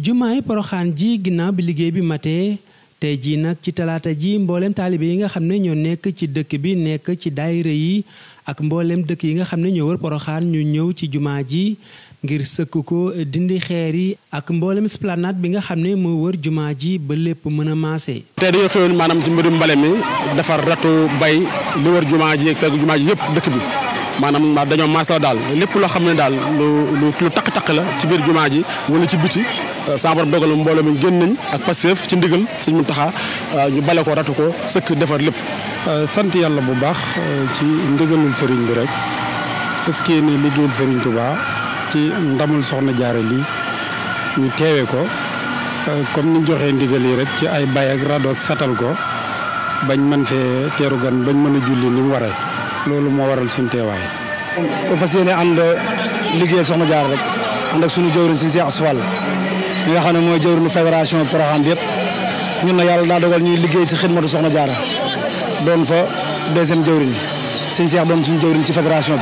jumaay poroxaan ji ginnaaw bi liggéey bi matee tey jii nag ci talaata ji mboolem taalibe yi nga xam ne ñoo nekk ci dëkk bi nekk ci daayira yi ak mboolem dëkk yi nga xam ne ñoo wër poroxaan ñu ñëw ci jumaa ji ngir sëkk ko dindi xeer yi ak mboolem esplanade bi nga xam ne moo wër jumaa ji ba lépp mën a maase. tey dañoo xëyoon maanaam ci mbirum mbale mi defar ratu bay li wër jumaa ji ak tegu jumaa ji yëpp dëkk bi. maanaam dañoo maasal daal lépp loo xam ne daal lu lu takk-takk la ci biir jumaa ji wala ci biti euh, saa borom dogal mbooloo mi génn nañ ak Pastef ci ndigal Sëñ Muntaxa euh, ñu bale ko ratu ko sëkk defar lépp. Euh, sant yàlla bu baax ci ndigalul sëriñ bi rek parce que ne liggéeyul sëriñ Tuubaa ci ndamul soxna jaare lii ñu teewee ko comme ni joxee ndigal yi rek ci ay bay ak rado satal ko bañ mën fee teeru gan bañ mën a julli ni mu waree. loolu moo waral suñu teewaay. fas yéene ànd liggéeyal soxna jaar rek ànd ak suñu jëwriñ si Cheikh Asfal mi nga xam ne mooy jëwriñu fédération Porokhane bi yëpp ñun na yàlla daa dogal ñuy liggéey ci xidmatu soxna jaara doon fa deuxième jëwriñ sëñ Cheikh doon suñu jëwriñ ci fédération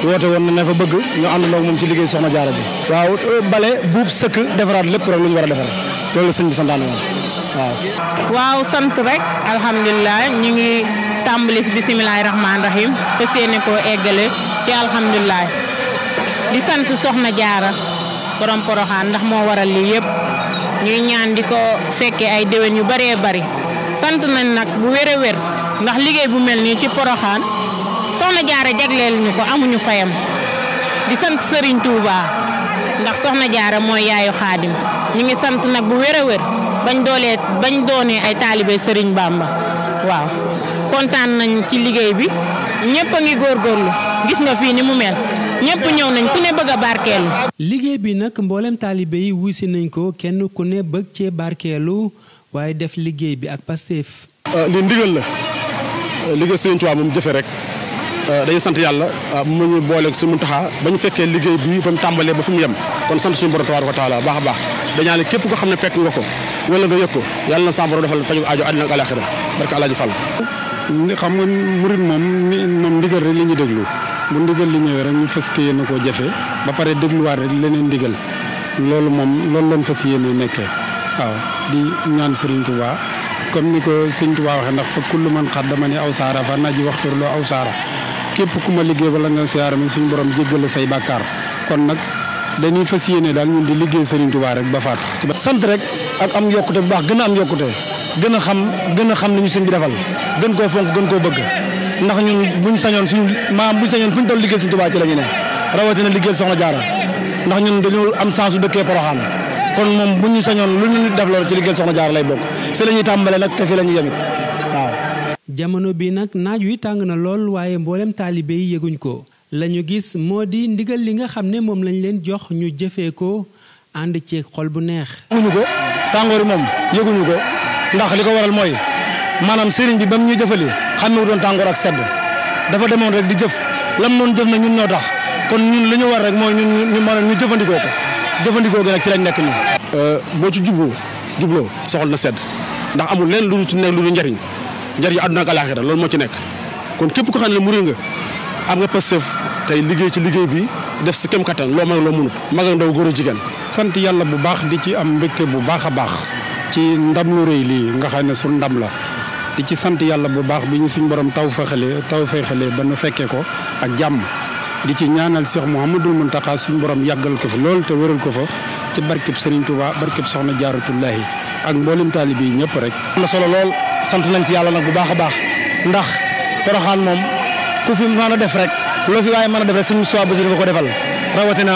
bi woote woon na ne fa bëgg ñu ànd loog moom ci liggéey soxna jaara bi waaw bale buub sëkk defaraat lépp rek lu ñu war a defar loolu la sëñ bi santaane woon waaw sant rek alhamdulilah ñu ngi tàmbali si bisimilahi rahmaani rahim te seeni koo eggale ci alhamdulilah di sant soxna jaara borom poroxaan ndax moo waral lii yëpp ñuy ñaan di ko fekkee ay déwén yu bëree bëri sant nañ nag bu wér a wér ndax liggéey bu mel nii ci poroxaan soxna jaara jagleel ñu ko amuñu fayam di sant Serigne Touba ndax soxna jaara mooy yaayu xaadim ñu ngi sant nag bu wér a wér bañ doolee bañ doonee ay taalibe sëriñ Bamba waaw kontaan nañ ci liggéey bi ñëpp a ngi góorgóorlu gis nga fii ni mu mel ñëpp ñëw nañ ku ne bëgg a barkeelu. liggéey bi nag mboolem taalibe yi wuusi nañ ko kenn ku ne cee barkeelu waaye def liggéey bi ak Pastef. Ah, li ndigal la ah, liggéey Sëriñ Tuubaa moom jëfe rek ah, dañuy sant yàlla mu ñu booleeg suñu taxaa ba ñu fekkee liggéey bi fa mu tàmbalee ba fu mu yem kon sant suñu borom tabaaraka wa taala baax a baax. dañaa ne képp ko xam ne fekk nga ko wala nga yëg ko yàlla na sàmboro defal faju aajo àddina ak alaxira barka alaaji Fall xam nga murit moom moom ndigal rek li ñu déglu bu ndigal li ñëwee rek ñu fas yéene koo jafe ba pare dégluwaat rek leneen ndigal loolu moom loolu lañ fas yéene nekke waaw di ñaan Serigne Touba comme ni ko Serigne waa waxee ndax fa kullu man xat dama ne aw saara fa naa ji wax firloo aw saara képp ku ma liggéey wala nga siyaara mi suñu borom jéggal say bàkkaar kon nag dañuy fas yéene daal ñun di liggéey Serigne Touba rek ba sant rek ak am yokkute bu baax gën a am yokkute gën a xam gën a xam li ñu sëñ bi defal gën koo fonk gën koo bëgg ndax ñun buñ sañoon suñu maam buñ sañoon fuñ toll liggéey Serigne Touba ci la ñu ne liggéey liggéeyal soxna jaara ndax ñun dañoo am sensu dëkkee Poroxaan kon moom bu ñu sañoon lu ñu def loolu ci liggéeyal soxna jaara lay bokk fi la ñuy tàmbalee nag te fi la ñuy yemit waaw. jamono bi nag naaj wi tàng na lool waaye mboolem taalibe yi yëguñ ko la ñu gis moo di ndigal li nga xam ne moom lañ leen jox ñu jëfee ko ànd ci xol bu neex. yëguñu ko tàngoor yi moom yëguñu ko ndax li ko waral mooy maanaam sëriñ bi ba mu ñu jëfalee xam ne doon tàngoor ak sedd dafa demoon rek di jëf lam noonu jëf na ñun ñoo tax kon ñun li ñu war rek mooy ñun ñu maanaam ñu jëfandikoo ko jëfandikoo gi nag ci lañ nekk nii. Euh, boo ci jublu jubloo soxol na sedd ndax amul leen lu ci nekk lu dul njariñ njariñ àdduna ak alaaxira loolu moo ci nekk kon képp ko xam ne murid nga am nga Pastef tey liggéey ci liggéey bi def si kem kattan loo mag loo mënut mag ak ndaw góor a jigéen. sant yàlla bu baax di ci am mbégte bu baax a baax ci ndam lu rëy lii nga xam ne su ndam la di ci sant yàlla bu baax bi ñu suñ borom taw xele taw fexalee ba nu fekkee ko ak jàmm di ci ñaanal Cheikh Mouhamadul Mountakha suñ borom yàggal ko fi lool te wéral ko fa ci barkeb Serigne Touba barkeb Soxna Jaaratullaahi ak mboolem taalibe yi ñëpp rek. am solo lool sant nañ si yàlla na bu baax a baax ku fi mën a def rek loo fi waaye mën a def rek sëñ Moustapha Bassirou nga ko defal rawatina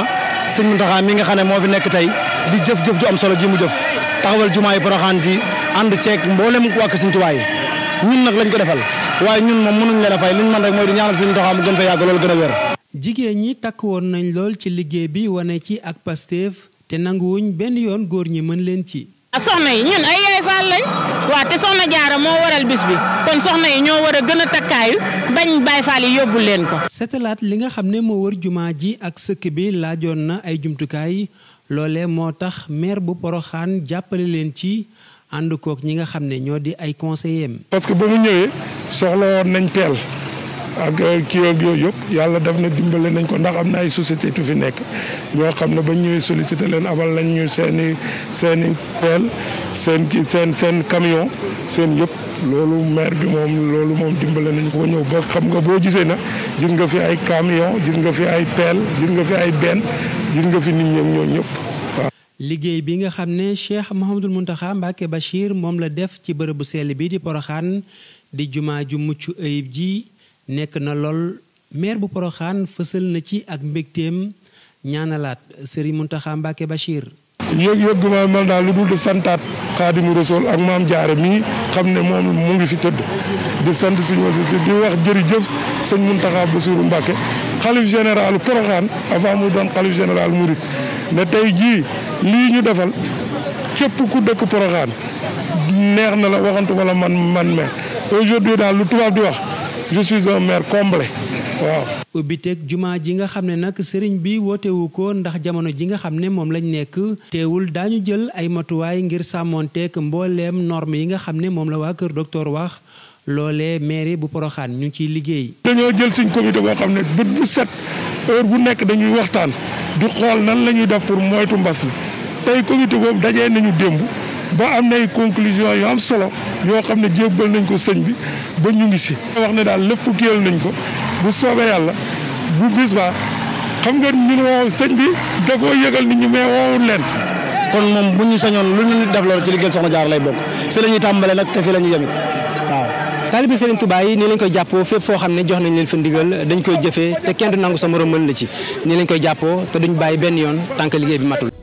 sëñ Mountakha mi nga xam ne moo fi nekk tey di jëf-jëf ju am solo ji mu jëf taxawal jumaa yi Porokhane ji ànd ceeg mboolem wàkk sëñ Tuubaa yi ñun nag lañ ko defal waaye ñun moom mënuñ leen a fay li ñu mën rek mooy di ñaanal sëñ Mountakha mu gën fa yàgg loolu gën a wér jigéen ñi takk woon nañ lool ci liggéey bi wane ci ak Pastef te nanguwuñ benn yoon góor ñi mën leen ci Ah, soxna yi ñun ay yaay faal lañ waaw te soxna jaara moo waral bis bi kon soxna yi ñoo war a gën a takkaayu bañ baay faal yi yóbbu leen ko. setelaat li nga xam ne moo war jumaa ji ak sëkk bi laajoon na ay jumtukaay loole moo tax maire bu poroxaan jàppale leen ci ànd kook ñi nga xam ne ñoo di ay conseillers am. que ba mu ñëwee soxla woon nañ peel. ak euh, kii ak yooyu yëpp yàlla def na dimbale nañ ko ndax am na ay société tu fi nekk ñoo xam na ba ñëwee sollicité leen abal lañ ñu seen i seen peel seen kii seen camion seen yëpp loolu maire bi moom loolu moom dimbale nañ ko ñëw ba xam nga boo gisee na gis nga fi ay camion gis nga fi ay peel gis nga fi ay benn gis nga fi nit ñi ak ñooñu ñëpp liggéey bi nga xam ne Cheikh Mouhamadul Mountakha Mbacké Bachir moom la def ci bërëbu sell bi di Porokhane di jumaa ju mucc ayib ji nekk na lool maire bu Porokhane fësal na ci ak mbégteem ñaanalaat Serigne Mountakha Mbacké Bachir. yëg yëg ma mel naa lu dul di santaat Xaadimu Rasuul ak maam jaare mii xam ne moom mu ngi fi tëdd di sant suñu di wax jërëjëf sëñ Mountakha Bassirou Mbacké xalif général Porokhane avant mu doon xalif général Mouride ne tey jii lii ñu defal képp ku dëkk Porokhane neex na la waxantuma la man man mais aujourd'hui daal lu tubaab di wax je son un maire comblé waaw. ubbiteeg jumaa ji nga xam ne nag sëriñ bi wootewu ko ndax jamono ji nga xam ne moom lañ nekk teewul daañu jël ay matuwaay ngir sàmmoon sàmmonteeg mbooleem norme yi nga xam ne moom la waa kër docteur wax loolee mairie bu Poroxaan ñu ngi ciy liggéey. dañoo jël suñ comité boo xam ne bët bu set heure bu nekk dañuy waxtaan di xool nan la ñuy def pour moytu mbas mi tey comité boobu dajee nañu démb. ba am nay conclusion yu solo yoo xam ne jébbal nañ ko sëñ bi ba ñu ngi si wax ne daal lépp téyel nañ ko bu soobee yàlla bu bis ba xam nga ñun woow sëñ bi da yëgal nit ñi mais woowul leen kon moom bu ñu sañoon lu ñu nit def loolu ci liggéeyal soxna jaar lay bokk fi la ñuy tàmbalee nag te fi la ñuy yemit waaw taalibe Serigne Touba yi nii lañ koy jàppoo fépp foo xam ne jox nañ leen fa ndigal dañ koy jëfee te kenn du nangu sa morom mën la ci nii lañ koy jàppoo te duñ bàyyi benn yoon tant que liggéey bi matul